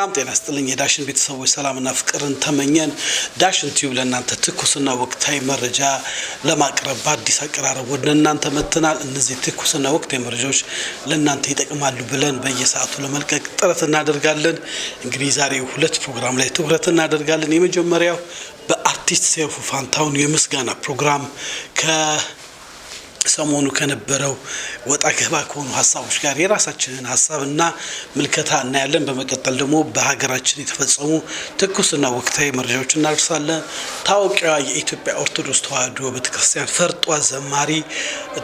ሰላም ጤና ስጥልኝ የዳሽን ቤተሰቦች ሰላምና ፍቅርን ተመኘን። ዳሽን ቲዩብ ለእናንተ ትኩስና ወቅታዊ መረጃ ለማቅረብ በአዲስ አቀራረብ ወደ እናንተ መጥተናል። እነዚህ ትኩስና ወቅታዊ መረጃዎች ለእናንተ ይጠቅማሉ ብለን በየሰዓቱ ለመልቀቅ ጥረት እናደርጋለን። እንግዲህ ዛሬ ሁለት ፕሮግራም ላይ ትኩረት እናደርጋለን። የመጀመሪያው በአርቲስት ሰይፉ ፋንታሁን የምስጋና ፕሮግራም ከ ሰሞኑ ከነበረው ወጣ ገባ ከሆኑ ሀሳቦች ጋር የራሳችንን ሀሳብና ምልከታ እናያለን። በመቀጠል ደግሞ በሀገራችን የተፈጸሙ ትኩስና ወቅታዊ መረጃዎች እናደርሳለን። ታዋቂዋ የኢትዮጵያ ኦርቶዶክስ ተዋሕዶ ቤተክርስቲያን ፈርጧ ዘማሪ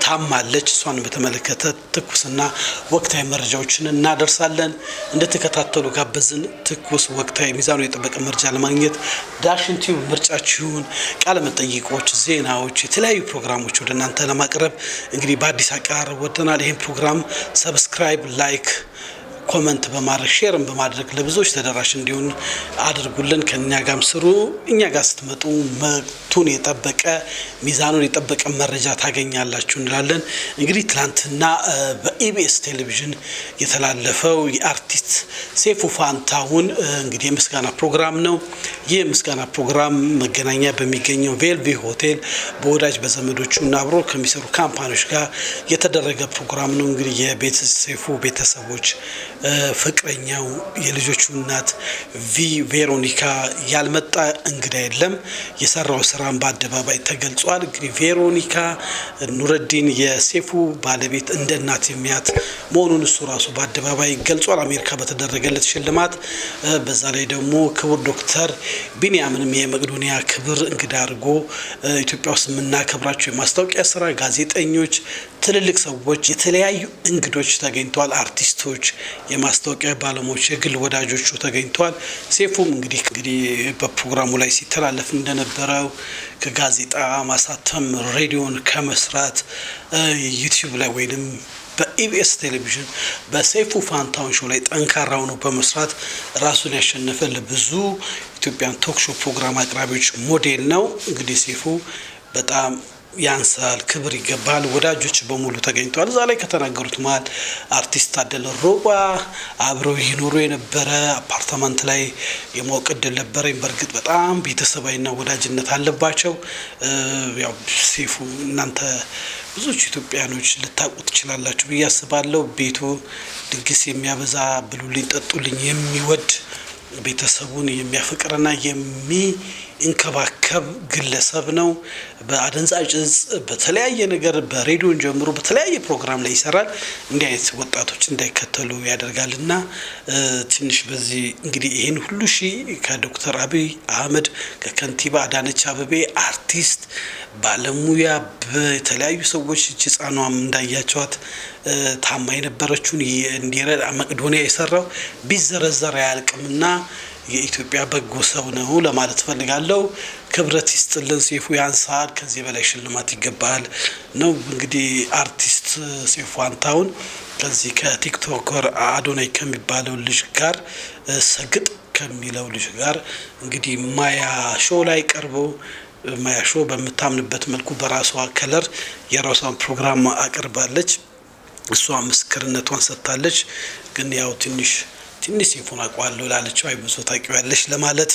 ታማለች። እሷን በተመለከተ ትኩስና ወቅታዊ መረጃዎችን እናደርሳለን። እንደተከታተሉ ጋበዝን። ትኩስ ወቅታዊ ሚዛኑ የጠበቀ መረጃ ለማግኘት ዳሽን ቲዩብ ምርጫችሁን፣ ቃለመጠይቆች፣ ዜናዎች፣ የተለያዩ ፕሮግራሞች ወደ እናንተ ለማቅረብ እንግዲህ በአዲስ አቀራረብ ወጥተናል። ይህን ፕሮግራም ሰብስክራይብ፣ ላይክ ኮመንት በማድረግ ሼርን በማድረግ ለብዙዎች ተደራሽ እንዲሆን አድርጉልን። ከእኛ ጋም ስሩ። እኛ ጋር ስትመጡ መቱን የጠበቀ ሚዛኑን የጠበቀ መረጃ ታገኛላችሁ እንላለን። እንግዲህ ትናንትና በኢቢኤስ ቴሌቪዥን የተላለፈው የአርቲስት ሴፉ ፋንታሁን እንግዲህ የምስጋና ፕሮግራም ነው። ይህ የምስጋና ፕሮግራም መገናኛ በሚገኘው ቬልቪ ሆቴል በወዳጅ በዘመዶቹ እና አብሮ ከሚሰሩ ካምፓኒዎች ጋር የተደረገ ፕሮግራም ነው። እንግዲህ የቤተሰፉ ቤተሰቦች ፍቅረኛው የልጆቹ እናት ቪ ቬሮኒካ ያልመጣ እንግዳ የለም። የሰራው ስራም በአደባባይ ተገልጿል። እንግዲህ ቬሮኒካ ኑረዲን የሴፉ ባለቤት እንደ እናት የሚያት መሆኑን እሱ ራሱ በአደባባይ ገልጿል። አሜሪካ በተደረገለት ሽልማት በዛ ላይ ደግሞ ክቡር ዶክተር ቢንያምንም የመቅዶኒያ ክብር እንግዳ አድርጎ ኢትዮጵያ ውስጥ የምናከብራቸው የማስታወቂያ ስራ ጋዜጠኞች፣ ትልልቅ ሰዎች፣ የተለያዩ እንግዶች ተገኝተዋል። አርቲስቶች የማስታወቂያ ባለሙያዎች የግል ወዳጆቹ ተገኝተዋል። ሴፉም እንግዲህ እንግዲህ በፕሮግራሙ ላይ ሲተላለፍ እንደነበረው ከጋዜጣ ማሳተም፣ ሬዲዮን ከመስራት ዩቲዩብ ላይ ወይንም በኢቢኤስ ቴሌቪዥን በሰይፉ ፋንታውን ሾው ላይ ጠንካራ ሆኖ በመስራት ራሱን ያሸነፈ ለብዙ ኢትዮጵያን ቶክሾ ፕሮግራም አቅራቢዎች ሞዴል ነው። እንግዲህ ሰይፉ በጣም ያንሳል፣ ክብር ይገባል። ወዳጆች በሙሉ ተገኝተዋል። እዛ ላይ ከተናገሩት መሀል አርቲስት አደለ ሮባ አብረው ይኖሩ የነበረ አፓርታማንት ላይ የማወቅ እድል ነበረኝ። በእርግጥ በጣም ቤተሰባዊና ወዳጅነት አለባቸው። ያው ሴፉ እናንተ ብዙዎቹ ኢትዮጵያኖች ልታውቁ ትችላላችሁ ብዬ አስባለሁ። ቤቱ ድግስ የሚያበዛ ብሉልኝ ጠጡልኝ የሚወድ ቤተሰቡን የሚያፈቅርና የሚ የሚንከባከብ ግለሰብ ነው። በአደንዛዥ እጽ፣ በተለያየ ነገር በሬዲዮን ጀምሮ በተለያየ ፕሮግራም ላይ ይሰራል። እንዲህ አይነት ወጣቶች እንዳይከተሉ ያደርጋል እና ትንሽ በዚህ እንግዲህ ይህን ሁሉ ሺ ከዶክተር አብይ አህመድ ከከንቲባ አዳነች አበቤ አርቲስት ባለሙያ በተለያዩ ሰዎች ህፃኗም እንዳያቸዋት ታማ የነበረችውን እንዲረዳ መቅዶኒያ የሰራው ቢዘረዘር አያልቅምና የኢትዮጵያ በጎ ሰው ነው ለማለት ፈልጋለሁ። ክብረት ይስጥልን። ሴፉ ያንሳል፣ ከዚህ በላይ ሽልማት ይገባል ነው እንግዲህ አርቲስት ሴፉ አንታውን ከዚህ ከቲክቶከር አዶናይ ከሚባለው ልጅ ጋር ሰግጥ ከሚለው ልጅ ጋር እንግዲህ ማያ ሾው ላይ ቀርቦ ማያ ሾው በምታምንበት መልኩ በራሷ ከለር የራሷን ፕሮግራም አቅርባለች። እሷ ምስክርነቷን ሰጥታለች። ግን ያው ትንሽ ትንሽ ሴፉን አውቀዋለሁ ላለችው አይ ብዙ ታውቂዋለሽ ለማለት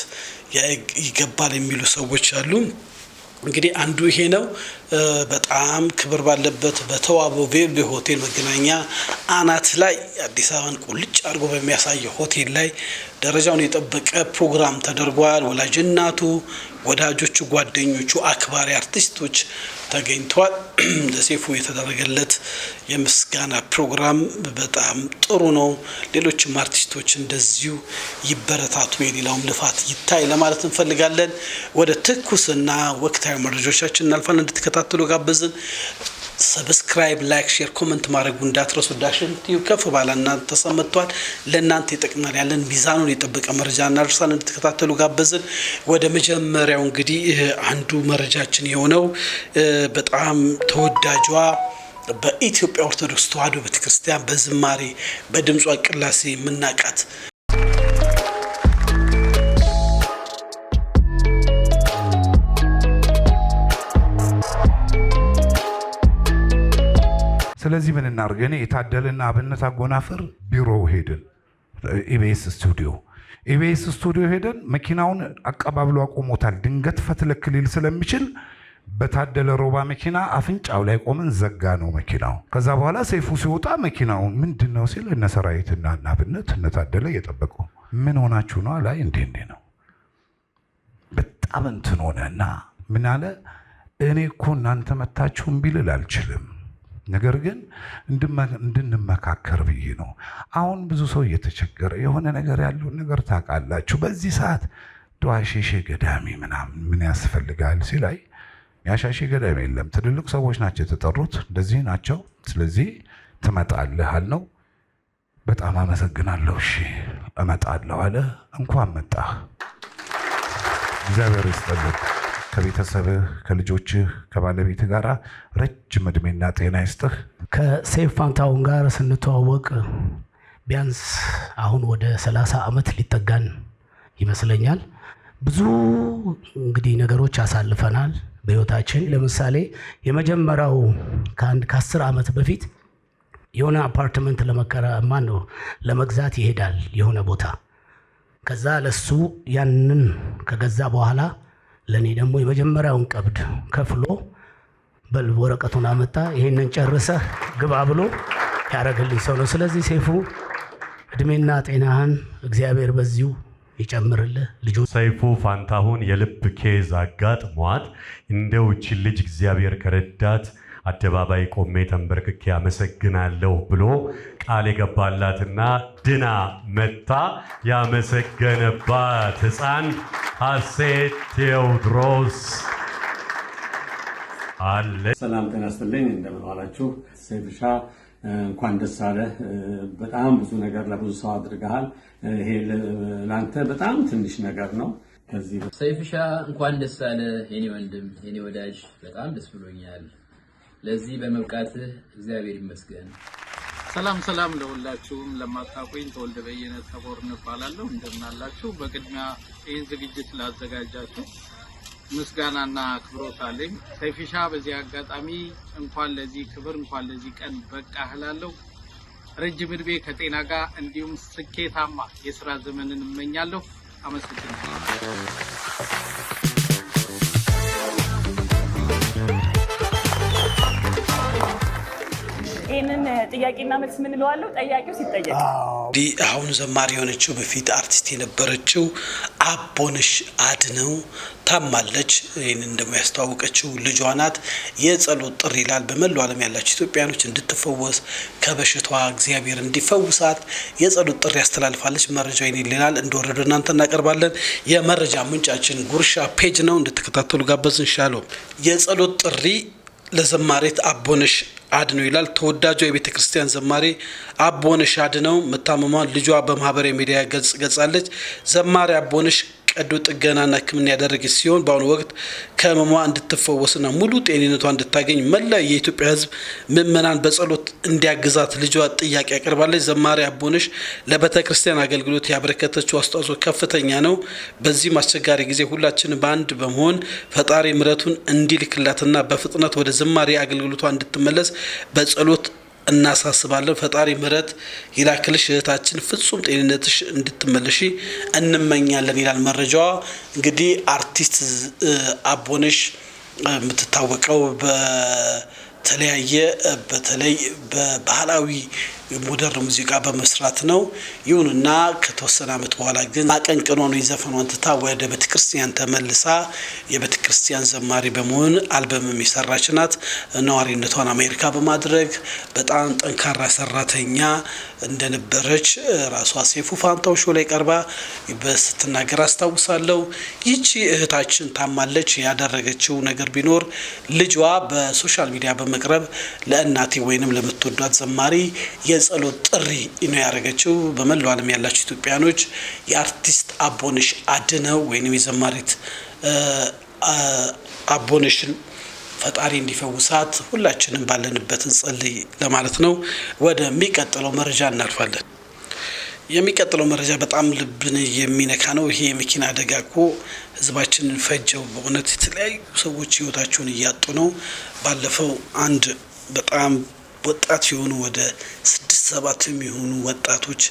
ይገባል የሚሉ ሰዎች አሉ። እንግዲህ አንዱ ይሄ ነው። በጣም ክብር ባለበት በተዋበው ቬልቬ ሆቴል መገናኛ አናት ላይ አዲስ አበባን ቁልጭ አድርጎ በሚያሳየው ሆቴል ላይ ደረጃውን የጠበቀ ፕሮግራም ተደርጓል። ወላጅ እናቱ፣ ወዳጆቹ፣ ጓደኞቹ፣ አክባሪ አርቲስቶች ተገኝተዋል። ለሴፉ የተደረገለት የምስጋና ፕሮግራም በጣም ጥሩ ነው። ሌሎችም አርቲስቶች እንደዚሁ ይበረታቱ፣ የሌላውም ልፋት ይታይ ለማለት እንፈልጋለን። ወደ ትኩስና ወቅታዊ መረጃዎቻችን እናልፋለን። እንድትከታተሉ ጋበዝን። ሰብስክራይብ፣ ላይክ፣ ሼር፣ ኮመንት ማድረጉ እንዳትረሱ። ዳሽን ቲዩ ከፍ ባለ እናንተ ተሰምቷል፣ ለእናንተ ይጠቅማል ያለን ሚዛኑን የጠበቀ መረጃ እናደርሳለን። እንድትከታተሉ ጋበዝን። ወደ መጀመሪያው እንግዲህ አንዱ መረጃችን የሆነው በጣም ተወዳጇ በኢትዮጵያ ኦርቶዶክስ ተዋሕዶ ቤተክርስቲያን በዝማሬ በድምጿ ቅላሴ የምናውቃት ስለዚህ ምን እናድርግ? እኔ የታደልና አብነት አጎናፍር ቢሮ ሄድን። ኢቤስ ስቱዲዮ ኢቤስ ስቱዲዮ ሄደን መኪናውን አቀባብሎ አቆሞታል። ድንገት ፈትለክ ሊል ስለሚችል በታደለ ሮባ መኪና አፍንጫው ላይ ቆመን ዘጋ ነው መኪናው። ከዛ በኋላ ሰይፉ ሲወጣ መኪናውን ምንድን ነው ሲል እነ ሰራዊትና እነ አብነት እነ ታደለ እየጠበቁ ምን ሆናችሁ ነው ላይ እንዴ እንዴ ነው በጣም እንትን ሆነ እና ምን አለ እኔ እኮ እናንተ መታችሁ እምቢ ልል አልችልም ነገር ግን እንድንመካከር ብዬ ነው። አሁን ብዙ ሰው እየተቸገረ የሆነ ነገር ያለውን ነገር ታውቃላችሁ። በዚህ ሰዓት ድዋሸሼ ገዳሚ ምናምን ምን ያስፈልጋል ሲላይ ያሻሼ ገዳሚ የለም። ትልልቅ ሰዎች ናቸው የተጠሩት፣ እንደዚህ ናቸው። ስለዚህ ትመጣለህ አልነው። በጣም አመሰግናለሁ፣ እሺ እመጣለሁ አለ። እንኳን መጣህ። እግዚአብሔር ይስጥልኝ። ከቤተሰብህ፣ ከልጆችህ፣ ከባለቤት ጋር ረጅም እድሜና ጤና ይስጥህ። ከሴፍ ፋንታውን ጋር ስንተዋወቅ ቢያንስ አሁን ወደ ሰላሳ ዓመት ሊጠጋን ይመስለኛል። ብዙ እንግዲህ ነገሮች አሳልፈናል በህይወታችን። ለምሳሌ የመጀመሪያው ከአንድ ከአስር ዓመት በፊት የሆነ አፓርትመንት ለመከራማ ነው ለመግዛት ይሄዳል የሆነ ቦታ ከዛ ለሱ ያንን ከገዛ በኋላ ለእኔ ደግሞ የመጀመሪያውን ቀብድ ከፍሎ በል ወረቀቱን አመጣ፣ ይህንን ጨርሰህ ግባ ብሎ ያደረግልኝ ሰው ነው። ስለዚህ ሴፉ እድሜና ጤናህን እግዚአብሔር በዚሁ ይጨምርልህ። ልጁ ሰይፉ ፋንታሁን የልብ ኬዝ አጋጥሟት እንደውችን ልጅ እግዚአብሔር ከረዳት አደባባይ ቆሜ ተንበርክኬ ያመሰግናለሁ ብሎ ቃል የገባላትና ድና መታ ያመሰገነባት ሕፃን አሴ ቴዎድሮስ አለ። ሰላም ጤና ይስጥልኝ። እንደምን ዋላችሁ? ሴትሻ እንኳን ደስ አለ። በጣም ብዙ ነገር ለብዙ ሰው አድርገሃል። ይሄ ለአንተ በጣም ትንሽ ነገር ነው። ሰይፍሻ እንኳን ደስ አለ የኔ ወንድም የኔ ወዳጅ፣ በጣም ደስ ብሎኛል። ለዚህ በመብቃትህ እግዚአብሔር ይመስገን። ሰላም ሰላም ለሁላችሁም። ለማታውቁኝ ተወልደ በየነ ተቦር እንባላለሁ። እንደምናላችሁ። በቅድሚያ ይህን ዝግጅት ላዘጋጃችሁ ምስጋናና አክብሮት አለኝ። ሰይፊሻ፣ በዚህ አጋጣሚ እንኳን ለዚህ ክብር እንኳን ለዚህ ቀን በቃ እላለሁ። ረጅም ዕድሜ ከጤና ጋር እንዲሁም ስኬታማ የስራ ዘመንን እመኛለሁ። አመሰግናለሁ። ይህንን ጥያቄና መልስ ምንለዋለው ጠያቂው ሲጠየቅ አሁን ዘማሪ የሆነችው በፊት አርቲስት የነበረችው አቦነሽ አድነው ታማለች። ይህንን እንደሚያስተዋወቀችው ልጇ ናት። የጸሎት ጥሪ ይላል በመላው ዓለም ያላቸው ኢትዮጵያኖች እንድትፈወስ ከበሽታዋ እግዚአብሔር እንዲፈውሳት የጸሎት ጥሪ ያስተላልፋለች። መረጃ ይኔ ይልናል እንደወረዱ እናንተ እናቀርባለን። የመረጃ ምንጫችን ጉርሻ ፔጅ ነው፣ እንድትከታተሉ ጋበዝን። የጸሎት ጥሪ ለዘማሬት አቦነሽ አድነው ይላል። ተወዳጇ የቤተ ክርስቲያን ዘማሪ አቦነሽ አድነው መታመሟን ልጇ በማህበራዊ ሚዲያ ገጽ ገጻለች። ዘማሪ አቦነሽ ቀዶ ጥገናና ሕክምና ያደረገች ሲሆን በአሁኑ ወቅት ከህመሟ እንድትፈወስና ሙሉ ጤንነቷ እንድታገኝ መላ የኢትዮጵያ ሕዝብ ምእመናን በጸሎት እንዲያግዛት ልጇ ጥያቄ ያቀርባለች። ዘማሪ አቦነሽ ለቤተ ክርስቲያን አገልግሎት ያበረከተችው አስተዋጽኦ ከፍተኛ ነው። በዚህም አስቸጋሪ ጊዜ ሁላችን በአንድ በመሆን ፈጣሪ ምረቱን እንዲልክላትና በፍጥነት ወደ ዘማሪ አገልግሎቷ እንድትመለስ በጸሎት እናሳስባለን። ፈጣሪ ምሕረት ይላክልሽ፣ እህታችን ፍጹም ጤንነትሽ እንድትመለሽ እንመኛለን ይላል መረጃዋ። እንግዲህ አርቲስት አቦነሽ የምትታወቀው በተለያየ በተለይ በባህላዊ ሞደርን ሙዚቃ በመስራት ነው። ይሁንና ከተወሰነ ዓመት በኋላ ግን አቀንቅኖ ነው የዘፈኗን ትታ ወደ ቤተክርስቲያን ተመልሳ የቤተክርስቲያን ዘማሪ በመሆን አልበምም የሰራች ናት። ነዋሪነቷን አሜሪካ በማድረግ በጣም ጠንካራ ሰራተኛ እንደነበረች ራሷ ሴፉ ፋንታው ሾ ላይ ቀርባ በስትናገር አስታውሳለሁ። ይቺ እህታችን ታማለች። ያደረገችው ነገር ቢኖር ልጇ በሶሻል ሚዲያ በመቅረብ ለእናቴ ወይንም ለምትወዷት ዘማሪ የጸሎት ጥሪ ነው ያደረገችው። በመላው ዓለም ያላቸው ኢትዮጵያኖች የአርቲስት አቦነሽ አድነው ወይም የዘማሪት አቦነሽን ፈጣሪ እንዲፈውሳት ሁላችንም ባለንበት እንጸልይ ለማለት ነው። ወደሚቀጥለው መረጃ እናልፋለን። የሚቀጥለው መረጃ በጣም ልብን የሚነካ ነው። ይሄ የመኪና አደጋ እኮ ህዝባችንን ፈጀው። በእውነት የተለያዩ ሰዎች ህይወታቸውን እያጡ ነው። ባለፈው አንድ በጣም ወጣት የሆኑ ወደ ስድስት ሰባት የሚሆኑ ወጣቶች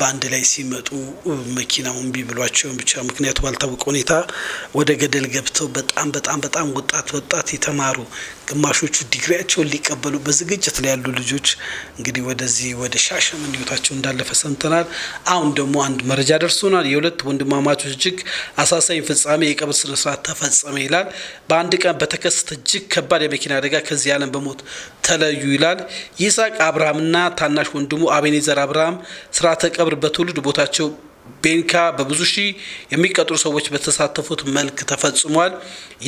በአንድ ላይ ሲመጡ መኪናውን ቢብሏቸውን ብቻ ምክንያቱ ባልታወቀ ሁኔታ ወደ ገደል ገብተው በጣም በጣም በጣም ወጣት ወጣት የተማሩ ግማሾቹ ዲግሪያቸውን ሊቀበሉ በዝግጅት ላይ ያሉ ልጆች እንግዲህ ወደዚህ ወደ ሻሸመኔ ሕይወታቸው እንዳለፈ ሰምተናል። አሁን ደግሞ አንድ መረጃ ደርሶናል። የሁለት ወንድማማቾች እጅግ አሳሳኝ ፍጻሜ የቀብር ስነስርዓት ተፈጸመ ይላል። በአንድ ቀን በተከሰተ እጅግ ከባድ የመኪና አደጋ ከዚህ ዓለም በሞት ተለዩ ይላል። ይስሐቅ አብርሃምና ታናሽ ወንድሙ አቤኔዘር አብርሃም ስርዓተ ቀብር በትውልድ ቦታቸው ቤንካ በብዙ ሺህ የሚቀጥሩ ሰዎች በተሳተፉት መልክ ተፈጽሟል።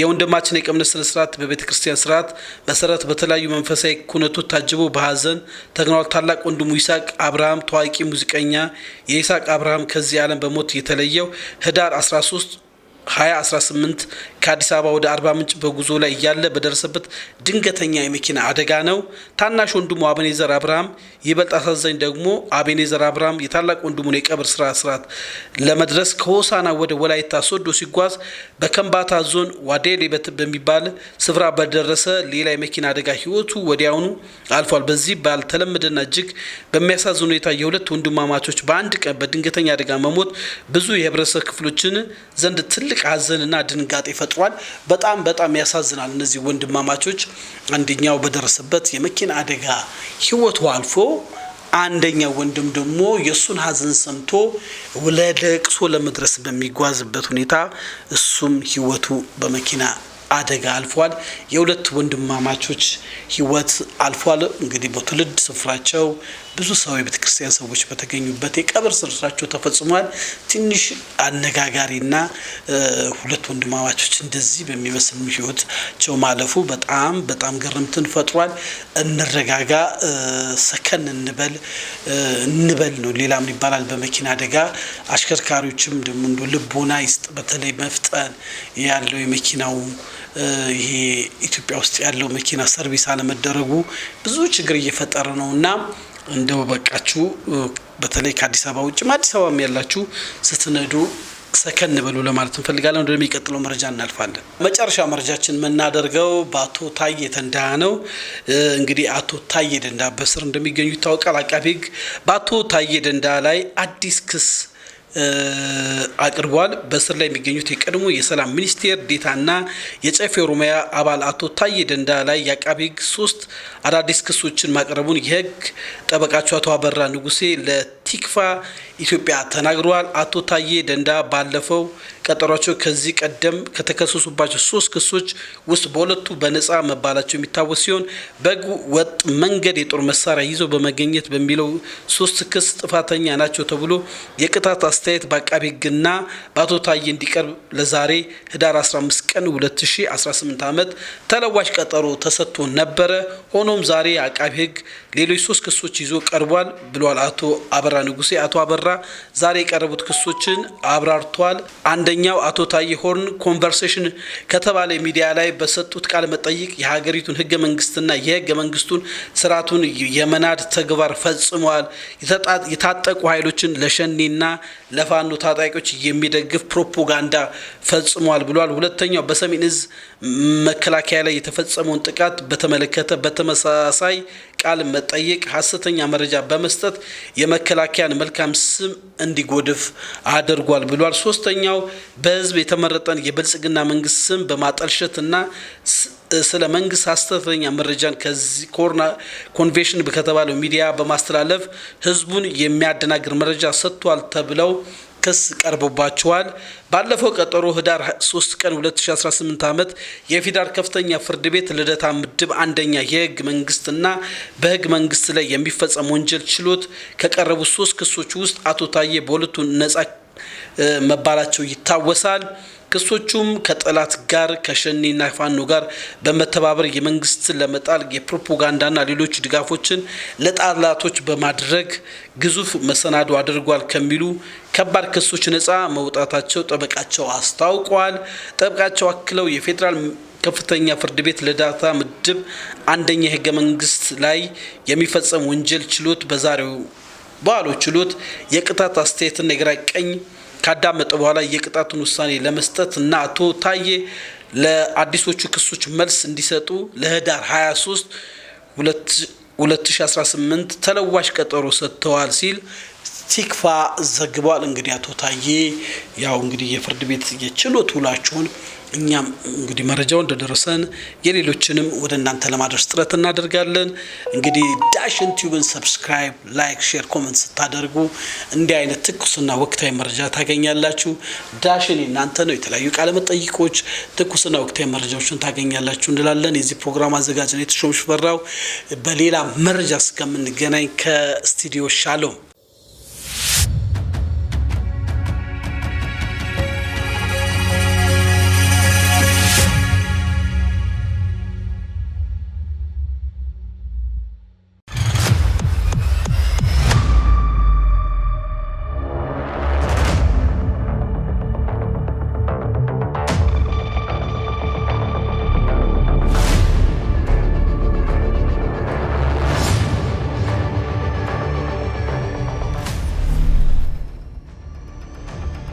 የወንድማችን የቀምነት ስነ ስርዓት በቤተ ክርስቲያን ስርዓት መሰረት በተለያዩ መንፈሳዊ ኩነቶች ታጅቦ በሀዘን ተግኗል። ታላቅ ወንድሙ ይስሐቅ አብርሃም ታዋቂ ሙዚቀኛ የይስሐቅ አብርሃም ከዚህ ዓለም በሞት የተለየው ህዳር 13 2018 ከአዲስ አበባ ወደ አርባ ምንጭ በጉዞ ላይ እያለ በደረሰበት ድንገተኛ የመኪና አደጋ ነው። ታናሽ ወንድሙ አቤኔዘር አብርሃም፣ ይበልጥ አሳዛኝ ደግሞ አቤኔዘር አብርሃም የታላቅ ወንድሙን የቀብር ስራ ስርዓት ለመድረስ ከሆሳና ወደ ወላይታ ሶዶ ሲጓዝ በከምባታ ዞን ዋዴሌ በሚባል ስፍራ በደረሰ ሌላ የመኪና አደጋ ህይወቱ ወዲያውኑ አልፏል። በዚህ ባልተለመደና እጅግ በሚያሳዝን ሁኔታ የሁለት ወንድማማቾች በአንድ ቀን በድንገተኛ አደጋ መሞት ብዙ የህብረተሰብ ክፍሎችን ዘንድ ትልቅ ትልቅ ሀዘንና ድንጋጤ ፈጥሯል። በጣም በጣም ያሳዝናል። እነዚህ ወንድማማቾች አንደኛው በደረሰበት የመኪና አደጋ ህይወቱ አልፎ አንደኛው ወንድም ደግሞ የእሱን ሀዘን ሰምቶ ለለቅሶ ለመድረስ በሚጓዝበት ሁኔታ እሱም ህይወቱ በመኪና አደጋ አልፏል። የሁለት ወንድማማቾች ህይወት አልፏል። እንግዲህ በትውልድ ስፍራቸው ብዙ ሰው ክርስቲያን ሰዎች በተገኙበት የቀብር ስርዓታቸው ተፈጽሟል። ትንሽ አነጋጋሪና ሁለት ወንድማማቾች እንደዚህ በሚመስል ሕይወታቸው ማለፉ በጣም በጣም ግርምትን ፈጥሯል። እንረጋጋ፣ ሰከን እንበል እንበል ነው። ሌላም ይባላል በመኪና አደጋ አሽከርካሪዎችም ደሞ እንዶ ልቦና ይስጥ። በተለይ መፍጠን ያለው የመኪናው ይሄ ኢትዮጵያ ውስጥ ያለው መኪና ሰርቪስ አለመደረጉ ብዙ ችግር እየፈጠረ ነው እና እንደው በቃችሁ። በተለይ ከአዲስ አበባ ውጭም አዲስ አበባም ያላችሁ ስትነዱ ሰከን በሉ ለማለት እንፈልጋለን። ወደሚቀጥለው መረጃ እናልፋለን። መጨረሻ መረጃችን የምናደርገው በአቶ ታዬ ደንዳ ነው። እንግዲህ አቶ ታዬ ደንዳ በስር እንደሚገኙ ይታወቃል። አቃቤ ሕግ በአቶ ታዬ ደንዳ ላይ አዲስ ክስ አቅርቧል። በእስር ላይ የሚገኙት የቀድሞ የሰላም ሚኒስቴር ዴታና የጨፌ ኦሮሚያ አባል አቶ ታዬ ደንዳ ላይ የአቃቤ ሕግ ሶስት አዳዲስ ክሶችን ማቅረቡን የህግ ጠበቃቸው አቶ አበራ ንጉሴ ለቲክፋ ኢትዮጵያ ተናግረዋል። አቶ ታዬ ደንዳ ባለፈው ቀጠሯቸው ከዚህ ቀደም ከተከሰሱባቸው ሶስት ክሶች ውስጥ በሁለቱ በነጻ መባላቸው የሚታወስ ሲሆን በህገ ወጥ መንገድ የጦር መሳሪያ ይዘው በመገኘት በሚለው ሶስት ክስ ጥፋተኛ ናቸው ተብሎ የቅጣት አስተያየት በአቃቤ ህግና በአቶ ታዬ እንዲቀርብ ለዛሬ ህዳር 15 ቀን 2018 ዓመት ተለዋጭ ቀጠሮ ተሰጥቶ ነበረ። ሆኖም ዛሬ አቃቤ ህግ ሌሎች ሶስት ክሶች ይዞ ቀርቧል ብሏል አቶ አበራ ንጉሴ። አቶ አበራ እንደተሰራ ዛሬ የቀረቡት ክሶችን አብራርቷል። አንደኛው አቶ ታዬ ሆርን ኮንቨርሴሽን ከተባለ ሚዲያ ላይ በሰጡት ቃለ መጠይቅ የሀገሪቱን ህገ መንግስትና የህገ መንግስቱን ስርዓቱን የመናድ ተግባር ፈጽመዋል፣ የታጠቁ ኃይሎችን ለሸኔና ለፋኖ ታጣቂዎች የሚደግፍ ፕሮፓጋንዳ ፈጽመዋል ብሏል። ሁለተኛው በሰሜን እዝ መከላከያ ላይ የተፈጸመውን ጥቃት በተመለከተ በተመሳሳይ ቃል መጠየቅ፣ ሀሰተኛ መረጃ በመስጠት የመከላከያን መልካም ስም እንዲጎድፍ አድርጓል ብሏል። ሶስተኛው በህዝብ የተመረጠን የብልጽግና መንግስት ስም በማጠልሸት እና ስለ መንግስት ሀሰተኛ መረጃን ከዚህ ኮሮና ኮንቬንሽን ከተባለው ሚዲያ በማስተላለፍ ህዝቡን የሚያደናግር መረጃ ሰጥቷል ተብለው ክስ ቀርቦባቸዋል። ባለፈው ቀጠሮ ህዳር 3 ቀን 2018 ዓመት የፌዴራል ከፍተኛ ፍርድ ቤት ልደታ ምድብ አንደኛ የህግ መንግስትና በህግ መንግስት ላይ የሚፈጸም ወንጀል ችሎት ከቀረቡት ሶስት ክሶች ውስጥ አቶ ታዬ በሁለቱ ነጻ መባላቸው ይታወሳል። ክሶቹም ከጠላት ጋር ከሸኔና ፋኖ ጋር በመተባበር የመንግስትን ለመጣል የፕሮፓጋንዳና ሌሎች ድጋፎችን ለጠላቶች በማድረግ ግዙፍ መሰናዶ አድርጓል ከሚሉ ከባድ ክሶች ነፃ መውጣታቸው ጠበቃቸው አስታውቋል። ጠበቃቸው አክለው የፌዴራል ከፍተኛ ፍርድ ቤት ልደታ ምድብ አንደኛ የህገ መንግስት ላይ የሚፈጸም ወንጀል ችሎት በዛሬው በዋለው ችሎት የቅጣት አስተያየትና የግራ ቀኝ ካዳመጠ በኋላ የቅጣቱን ውሳኔ ለመስጠት እና አቶ ታዬ ለአዲሶቹ ክሶች መልስ እንዲሰጡ ለህዳር 23 2018 ተለዋሽ ቀጠሮ ሰጥተዋል ሲል ሲክፋ ዘግቧል። እንግዲህ አቶ ታዬ ያው እንግዲህ የፍርድ ቤት የችሎት ውላችሁን እኛም እንግዲህ መረጃው እንደደረሰን የሌሎችንም ወደ እናንተ ለማድረስ ጥረት እናደርጋለን። እንግዲህ ዳሽን ቲዩብን ሰብስክራይብ፣ ላይክ፣ ሼር፣ ኮመንት ስታደርጉ እንዲህ አይነት ትኩስና ወቅታዊ መረጃ ታገኛላችሁ። ዳሽን የእናንተ ነው። የተለያዩ ቃለመጠይቆች፣ ትኩስና ወቅታዊ መረጃዎችን ታገኛላችሁ እንላለን። የዚህ ፕሮግራም አዘጋጅ ነው የተሾምሽ በሌላ መረጃ እስከምንገናኝ ከስቱዲዮ ሻሎም